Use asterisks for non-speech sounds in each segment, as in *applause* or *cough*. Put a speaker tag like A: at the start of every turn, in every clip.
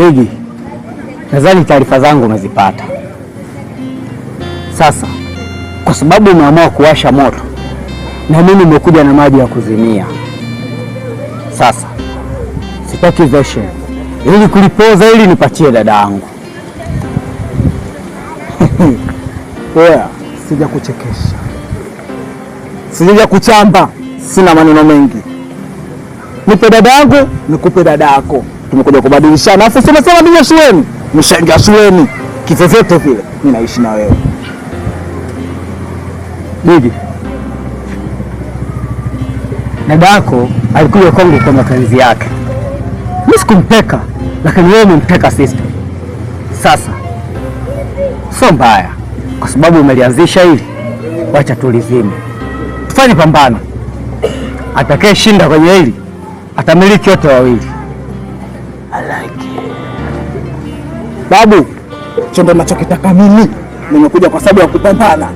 A: Begi, nadhani taarifa zangu umezipata. Sasa kwa sababu umeamua kuwasha moto na mimi nimekuja na maji ya kuzimia. Sasa sitaki veshe ili kulipoza ili nipatie dada yangu. *laughs* Yeah, sija kuchekesha, sija kuchamba, sina maneno mengi. Nipe dada yangu, nikupe dada yako tumekuja kubadilishana, afu sema sema mimi Yesu mshanga sueni kivyovyote vile, mimi naishi na wewe Bigi. Dada yako alikuja kwangu kwa mapenzi yake, mimi sikumpeka, lakini wewe umempeka sister. Sasa sio mbaya, kwa sababu umelianzisha hili, wacha tulizime, tufanye pambano. Atakayeshinda kwenye hili atamiliki wote wawili like Babu, chombo nachokitaka mimi, nimekuja kwa sababu ya kupambana.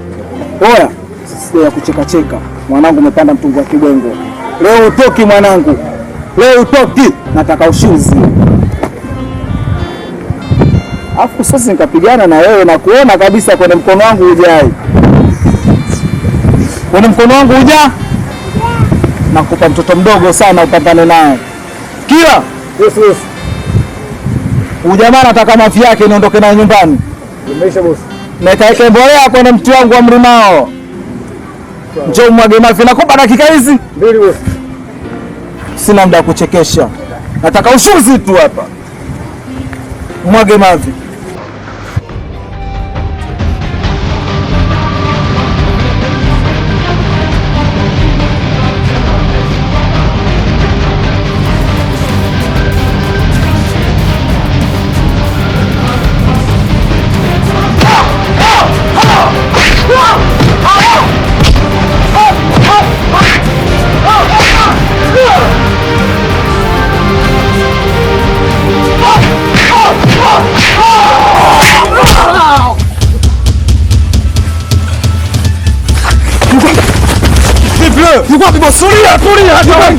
A: Oya, sio ya kuchekacheka. Mwanangu, umepanda mtungu wa kibwengo leo, utoki mwanangu, leo utoki. Nataka ushuzi afu sasa nikapigana na wewe na kuona kabisa kwenye mkono wangu ujai, kwenye mkono wangu uja. Nakupa mtoto mdogo sana, upambane naye kila yes, yes. Ujamaa nataka mafi yake niondoke nayo nyumbani. Nimeisha bosi. Nikaeke mbolea kwenye mti wangu wa mlimao. Njoo mwage mafi nakupa dakika hizi mbili bosi. Sina muda wa kuchekesha. Nataka ushuzi tu hapa. Mwage mafi.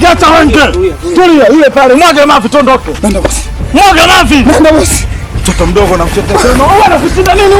A: hata wende. Tulia ile pale. Mwaga mavi tuondoke. Nenda basi. mavi. Mtoto mdogo na mtoto sema, "Wewe unakushinda nini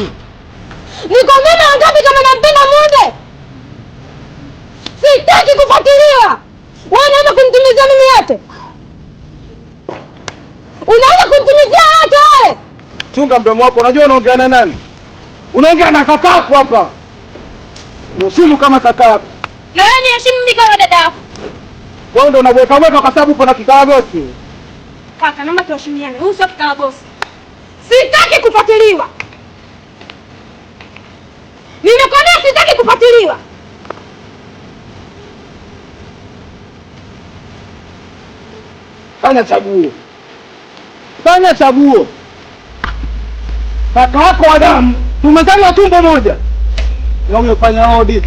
B: Nikwambia mara ngapi kama nampenda Munde? Sitaki kufuatiliwa. Wewe unaenda kunitumizia mimi yote? Unaenda kunitumizia yote wewe?
A: Chunga mdomo wako, unajua unaongea na nani? Unaongea na kakako hapa. Usimu kama kakako.
B: Na wewe niheshimu mimi kama dada yako.
A: Wewe ndio unabweka bweka kwa sababu uko na kikao
B: Kaka, naomba tuheshimiane. Huyu sio kikao Sitaki kufuatiliwa. Nilikwambia sitaki kufuatiliwa.
A: fanya chaguo fanya chaguo kaka yako wa tumezaliwa tumbo moja, na umefanya audit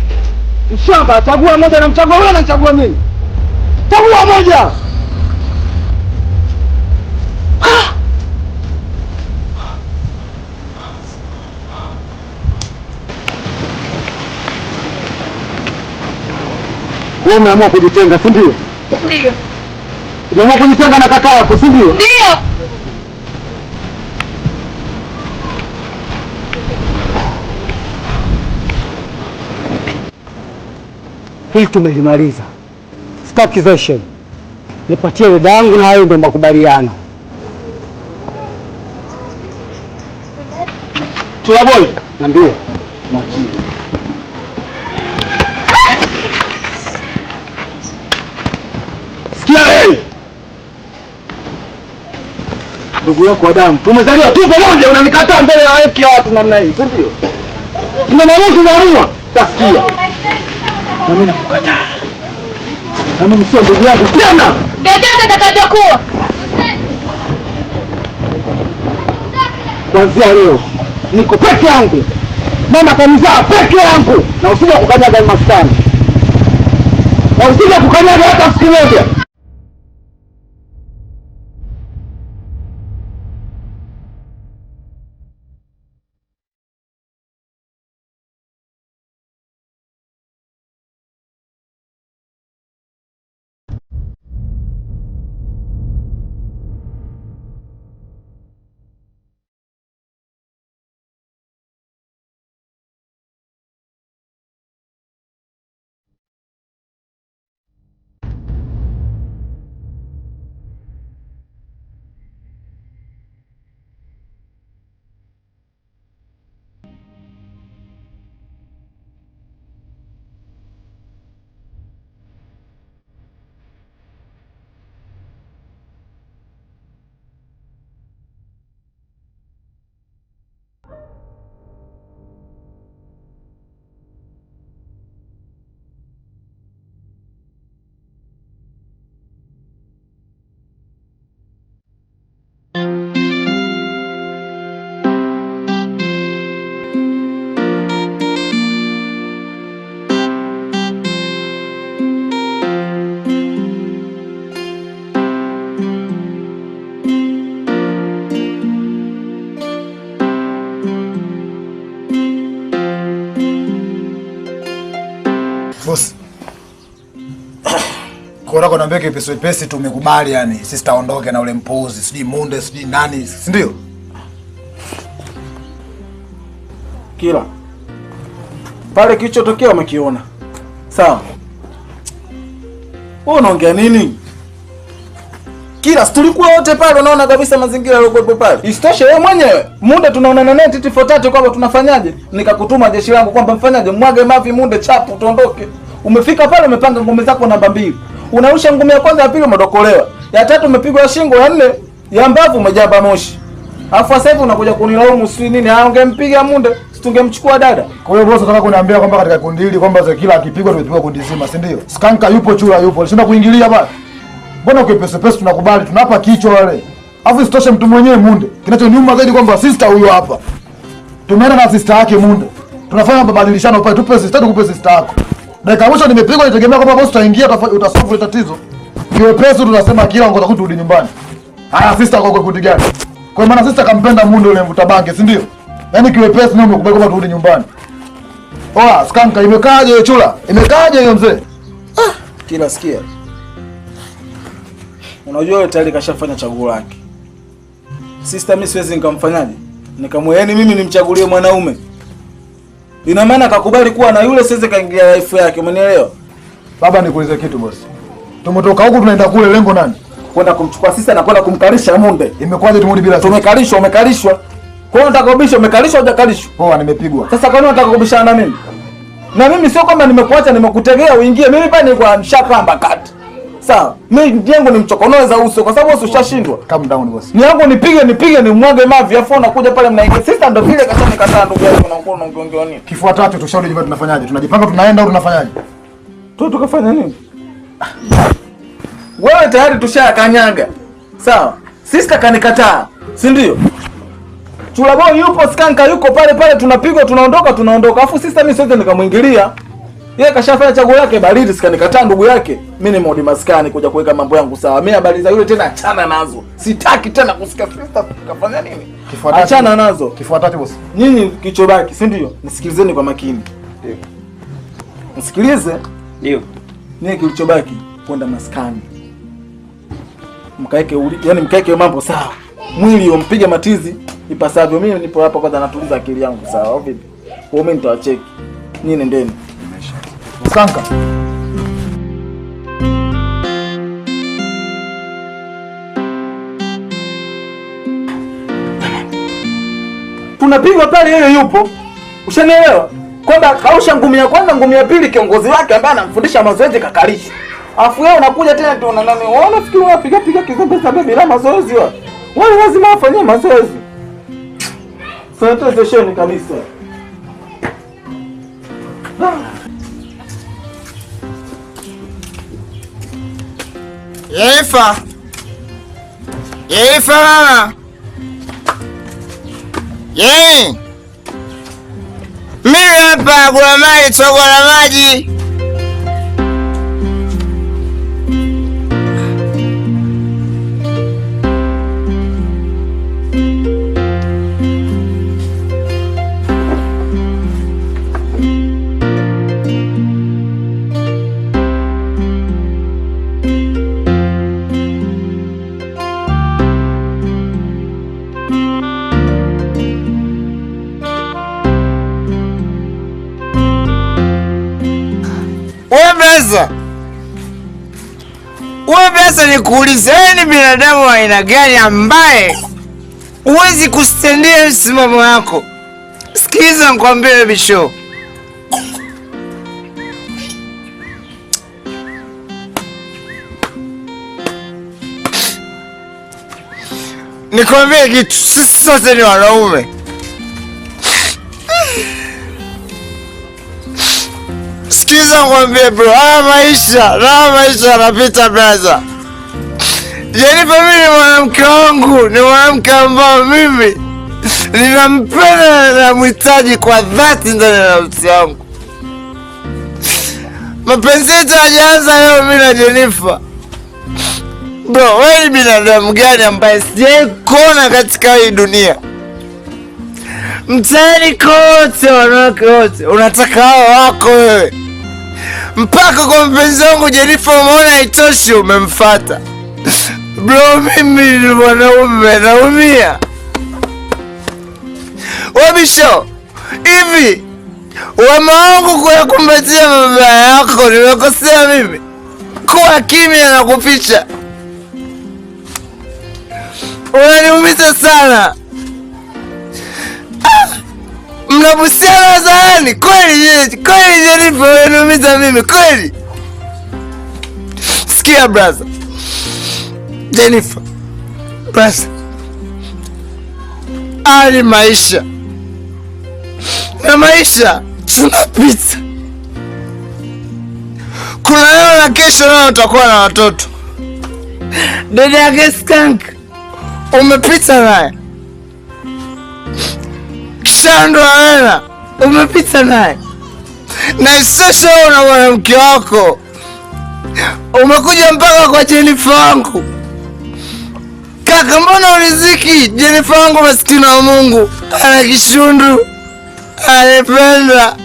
A: mshamba. Chagua moja, namchagua wewe, namchagua mimi, chagua moja. Wewe umeamua kujitenga, si ndio? Ndio. Umeamua kujitenga na kaka yako, si ndio? Ndio. Hili tumelimaliza. Sitaki version. Nipatie dada yangu na hayo ndio makubaliano. Tula boy, nambie. ndugu yako Adamu, tumezaliwa tu pamoja, unanikataa mbele ya wake ya watu namna hii, si ndio? Tunamaanisha tunaamua tasikia, na mimi nakukataa, na mimi sio ndugu yako tena,
B: chochote kuwa
A: kuanzia leo niko peke yangu, mama kanizaa peke yangu, na usije kukanyaga maskani na usije kukanyaga hata siku moja. Kwa hiyo naambia kipesi pesi tumekubali yani, sisi taondoke na ule mpuzi, sijui munde, sijui nani, si ndio? Kila pale kilichotokea umekiona. Sawa. Wewe unaongea nini? Kila tulikuwa wote pale, unaona kabisa mazingira yaliokuwepo pale. Isitoshe wewe mwenyewe Munde tunaonana naye titi fotati kwamba tunafanyaje? Nikakutuma jeshi langu kwamba mfanyaje? Mwage mavi Munde chapu tuondoke. Umefika pale umepanga ngome zako namba mbili unarusha ngumi ya kwanza, ya pili umedokolewa, ya tatu umepigwa shingo, ya nne ya mbavu umejaba moshi. Alafu sasa hivi unakuja kunilaumu si nini? Ah, ungempiga munde tungemchukua dada. Kwa hiyo boss, nataka kuniambia kwamba katika kundi hili kwamba kila akipigwa tumepigwa kundi zima, si ndio? Skanka yupo, chura yupo, alishinda kuingilia bwana. Mbona kwa pesa pesa tunakubali, tunapa kichwa wale. Alafu isitoshe mtu mwenyewe munde. Kinachoniuma zaidi kwamba sister huyo hapa. Tumeenda na sister yake munde. Tunafanya mabadilishano pale, tupe sister, tukupe sister yako. Dakika mwisho nimepigwa, nitegemea kwamba boss utaingia utasolve ile tatizo. Kiwe pesa tunasema kila ngoza kurudi nyumbani. Haya sister kwa kundi gani? Kwa maana sister kampenda mundo yule mvuta bange, si ndio? Yaani kiwe pesa ndio umekubali kwamba turudi nyumbani. Oa, skanka imekaaje hiyo chula? Imekaaje hiyo mzee? Ah, kila sikia. Unajua yule tayari kashafanya chaguo lake. Sister mimi siwezi nikamfanyaje? Nikamwe, yani mimi nimchagulie mwanaume Ina maana kakubali kuwa na yule siweze kaingia life yake, umenielewa? Baba, nikuulize kitu bosi, Tumetoka huku tunaenda kule, lengo nani? Kwenda kumchukua sisi na kwenda kumkalisha Munde. Imekwaje tumudi bila sisi? Tumekalishwa, umekalishwa. Kwa nini unataka kubisha? Umekalishwa hujakalishwa? Poa, nimepigwa. Sasa kwa nini unataka kubishana na mimi? Na mimi sio kwamba nimekuacha nimekutegea uingie. Mimi pale nilikuwa nishakamba kati. Sawa, mimi jengo ni mchokonoe za uso kwa sababu wewe ushashindwa. Calm down boss. Ni yangu nipige nipige ni mwage mavi afu unakuja pale mnaingia. Sasa ndo vile kasema nikataa ndugu yangu na mkono ungeongea nini? Kifua tatu tushauri jambo tunafanyaje? Tunajipanga tunaenda au tunafanyaje? Tu tukafanya nini? Wewe tayari tushakanyaga. Sawa. Sister kanikataa. Si ndio? Chula yupo skanka yuko pale pale tunapigwa tunaondoka tunaondoka. Afu sister mimi siwezi nikamwingilia. Yeye kashafanya chaguo lake, baridi sikanikataa ndugu yake. Mimi ni Modi Maskani kuja kuweka mambo yangu sawa. Mimi habari za yule tena achana nazo. Sitaki tena kusikia sister kafanya nini? Kifuatati. Achana nazo. Kifuatati boss. Nyinyi kichobaki, si ndio? Nisikilizeni kwa makini. Ndio. Nisikilize. Ndio. Nyinyi kilichobaki kwenda maskani. Mkaeke uli, yani mkaeke mambo sawa. Mwili umpige matizi ipasavyo. Mimi nipo hapa kwanza natuliza akili yangu sawa, au vipi? Kwa mimi nitawacheki. Nyinyi nendeni kanka. Tunapigwa pale, yeye yupo, ushanielewa kwamba kausha ngumi ya kwanza, ngumi ya pili, kiongozi wake ambaye anamfundisha mazoezi kakalisha, Alafu wewe unakuja tena tu Wewe unafikiri wewe piga kizembe sababu bila mazoezi wewe, wewe lazima afanye mazoezi. Sanitization kabisa. Ah.
C: Yaifa, Yaifa, yeye mimi hapa kuna maji, sogo la maji Wewe pesa, ni binadamu wa aina gani ambaye huwezi kustendia msimamo wako? Sikiliza nikwambie, Bisho, nikwambie kitu, sisi sote ni wanaume Sikiliza ngwambie bro, haya maisha haya maisha yanapita brother. Jenifer, yaani mimi ni mwanamke wangu, ni mwanamke ambao mimi ninampenda na namhitaji kwa dhati ndani ya nafsi yangu. Mapenzi yetu hayajaanza leo mimi na Jenifer. Bro, wewe ni binadamu gani ambaye sijawahi kuona katika hii dunia? Mtaani kote, wanawake wote, unataka hao wako wewe mpaka kwa mpenzi wangu Jenifa umeona haitoshi, umemfata bro. Mimi ni mwanaume naumia, wabisho hivi wema wangu kuyakumbatia mabaya yako, nimekosea mimi kuwa kimya na kuficha? Unaniumiza sana mnabusiana sana ni kweli kweli, niliponiumiza mimi kweli. Sikia brother Jennifer, brother ali maisha na maisha tunapita, kuna leo na kesho, nao utakuwa na watoto. Dada yake Skank umepita naye sasa wewe umepita naye na sasa una mwanamke wako, umekuja mpaka kwa Jenifa wangu. Kaka, mbona uriziki Jenifa wangu? Masikini wa Mungu, ana kishundu, anapenda.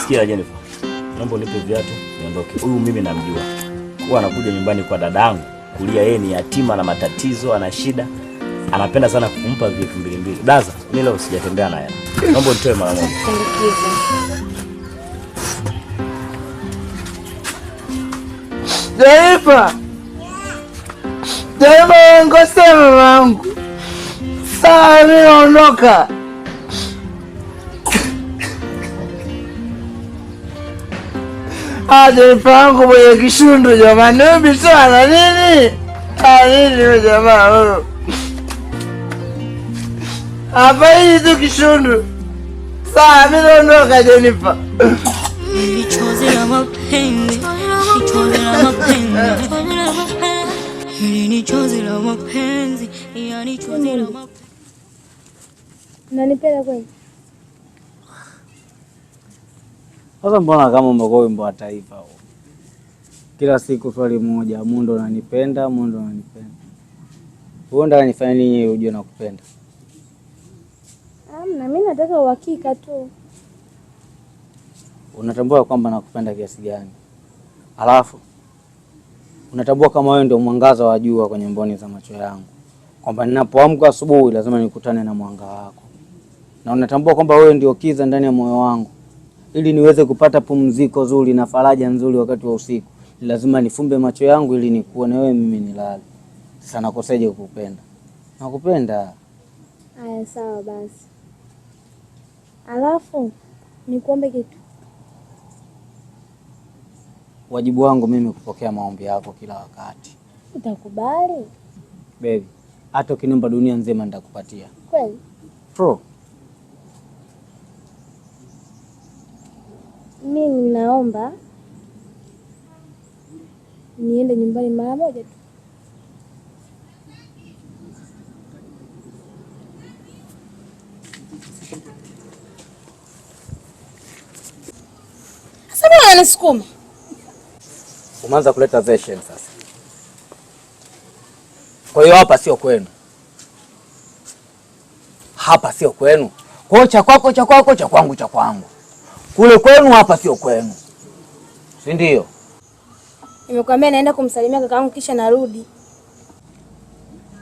D: Sikia Jenifa, naomba unipe viatu niondoke. Huyu mimi namjua, huwa anakuja nyumbani kwa dadangu kulia, yeye ni yatima na matatizo, ana shida anapenda sana kumpa vitu mbili mbili. Daza, mimi leo sijatembea naye. Naomba nitoe mara moja.
C: Jaifa. Jaifa ngosema mamangu. Saa niondoka. Ah, Jaifa yangu mwenye kishundu jamani, mimi sana nini? Ah, nini jamaa huyo? Hapa hizo kishundu. Saa mimi naondoka mapenzi.
E: mapenzi. mapenzi. mapenzi. Nanipenda kweli?
D: Sasa mbona kama umekuwa wimbo wa taifa huo? Kila siku swali moja, Mondo nanipenda, Mungu nanipenda. Wewe ndio anifanya nini ujue nakupenda?
E: Hapana, mi nataka uhakika tu.
D: Unatambua kwamba nakupenda kiasi gani? Alafu unatambua kama wewe ndio mwangaza wa jua kwenye mboni za macho yangu, kwamba ninapoamka asubuhi lazima nikutane na mwanga wako, na unatambua kwamba wewe ndio kiza ndani ya moyo wangu. Ili niweze kupata pumziko zuri na faraja nzuri wakati wa usiku, lazima nifumbe macho yangu ili na wewe, mimi nilale. Sasa nakoseje kukupenda? Nakupenda.
E: Aya, sawa basi. Alafu nikuombe kitu.
D: Wajibu wangu mimi kupokea maombi yako kila wakati.
E: Utakubali?
D: Baby, hata ukiniomba dunia nzima nitakupatia. Kweli? True.
E: Mimi naomba niende nyumbani mara moja tu. unanisukuma?
D: Umeanza kuleta version sasa. Kwa hiyo hapa sio kwenu, hapa sio kwenu. Kwa cha kwako cha kwako, cha kwangu cha kwangu, kule kwenu, hapa sio kwenu, si ndio?
E: Nimekuambia naenda kumsalimia kakaangu kisha narudi.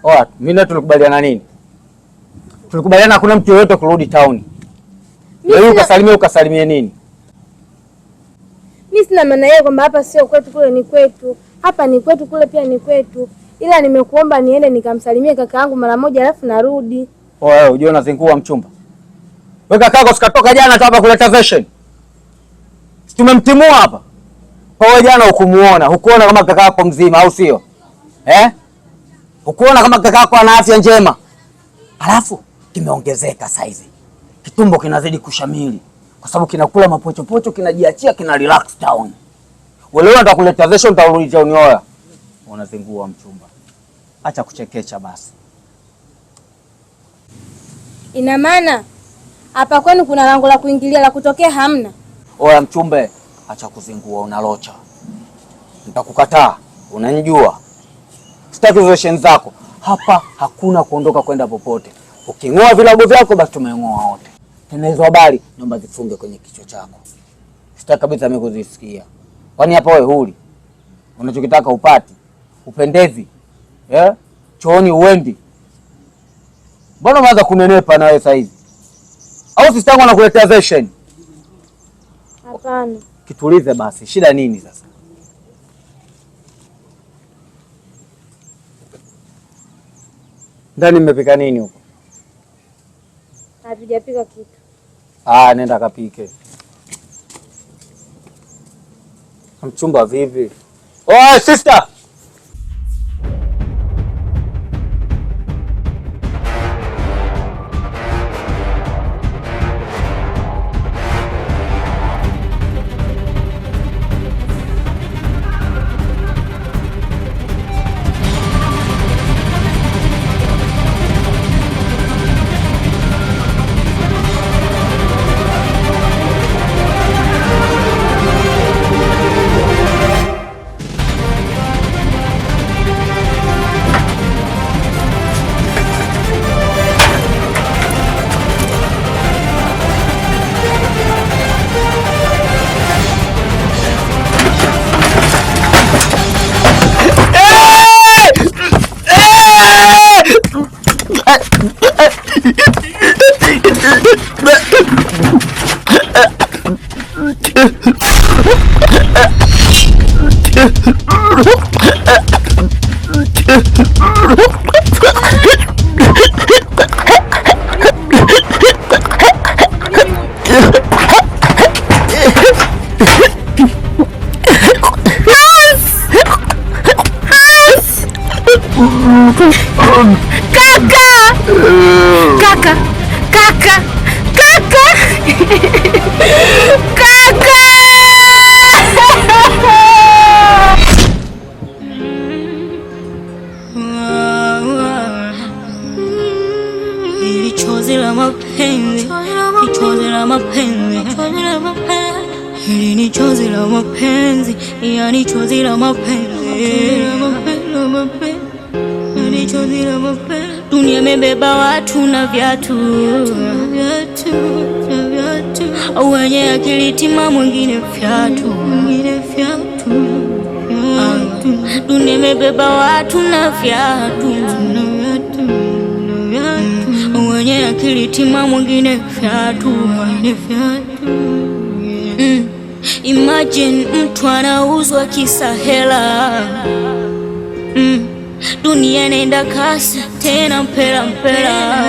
D: Oa, oh, mimi na tulikubaliana nini? Tulikubaliana hakuna mtu yoyote kurudi town. Wewe yaani ukasalimia ukasalimie nini?
E: mi sina maana hiyo kwamba hapa sio kwetu, kule ni kwetu, hapa ni kwetu, kule pia ni kwetu, ila nimekuomba niende nikamsalimie kaka yangu mara moja, alafu narudi.
D: Oh, wewe unajua unazingua mchumba wewe, yako sikatoka jana hapa kuleta fashion, tumemtimua hapa kwa wewe. Jana ukumuona hukuona kama kakako mzima, au sio eh? Hukuona kama kakako ana afya njema, alafu kimeongezeka saizi, kitumbo kinazidi kushamili kwa sababu kinakula mapochopocho, kinajiachia, kina relax down. Wewe nitakuleta kesho, nitakuletea unioya. Unazingua mchumba, acha kuchekecha basi.
E: Ina maana hapa kwenu kuna lango la kuingilia, la kutokea hamna?
D: Oya mchumbe, acha kuzingua, unalocha. Nitakukataa, unanijua, sitaki zosheni zako hapa. Hakuna kuondoka kwenda popote. Uking'oa vilago vyako, basi tumeng'oa wote na hizo habari naomba zifunge kwenye kichwa chako. Sitaki kabisa mimi kuzisikia. Kwani hapa wewe huli? Unachokitaka upati, upendezi. Eh? Chooni uendi. Mbona unaanza kunenepa na wewe sasa hivi? Au sister yangu anakuletea version? Hapana. Kitulize basi. Shida nini sasa? Ndani mmepika nini huko?
E: Hatujapika kitu.
D: Ah, nenda kapike. Mchumba vipi? Oh, sister.
F: Kaka! Ni ni chozi la mapenzi, yani chozi la mapenzi dunia imebeba watu na viatu au wenye akili timamu, mwingine fyatu, mwingine ah, fyatu. Dunia imebeba watu na fyatu, mm. au wenye akili timamu, mwingine fyatu, mwingine fyatu. Mm. Imagine mtu anauzwa kisa hela mm. Dunia inaenda kasi tena mpela mpela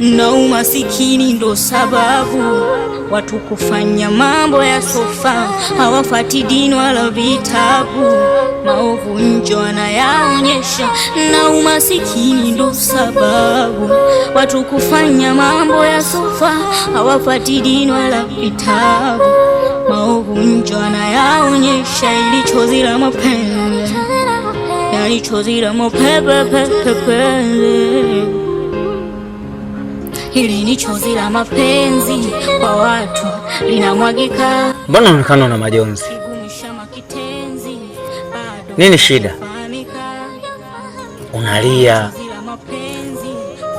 F: na umasikini ndo sababu watu kufanya mambo ya sofa, hawafati dini wala vitabu. Maovu njo anayaonyesha. na umasikini ndo sababu watu kufanya mambo ya sofa, hawafati dini wala vitabu. Maovu njo anayaonyesha. ili chozi la mapenzi, yani chozi la mapenzi Hili ni chozi la mapenzi kwa watu linamwagika.
D: Mbona unaonekana na majonzi? Nini shida? Unalia,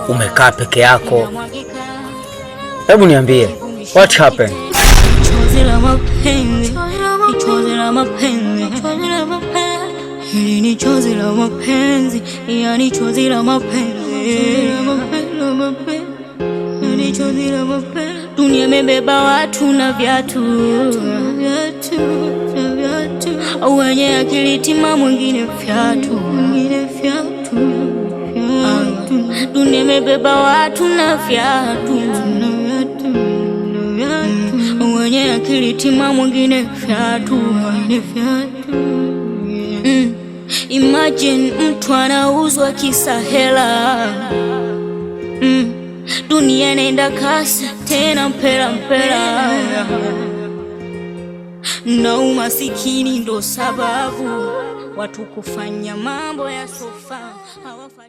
D: umekaa peke yako. Hebu niambie, what happened?
F: Chozi la mapenzi, chozi la mapenzi, chozi la mapenzi. chozi la mapenzi, chozi la mapenzi. Vito vina mapema, dunia imebeba watu na viatu, wenye akili timamu wengine fyatu. Dunia imebeba watu na viatu, wenye akili timamu wengine fyatu. Mm. Imagine mtu anauzwa kisa hela mm dunia inaenda kasi tena, mpera mpera, na umasikini ndo sababu watu kufanya mambo ya sofa.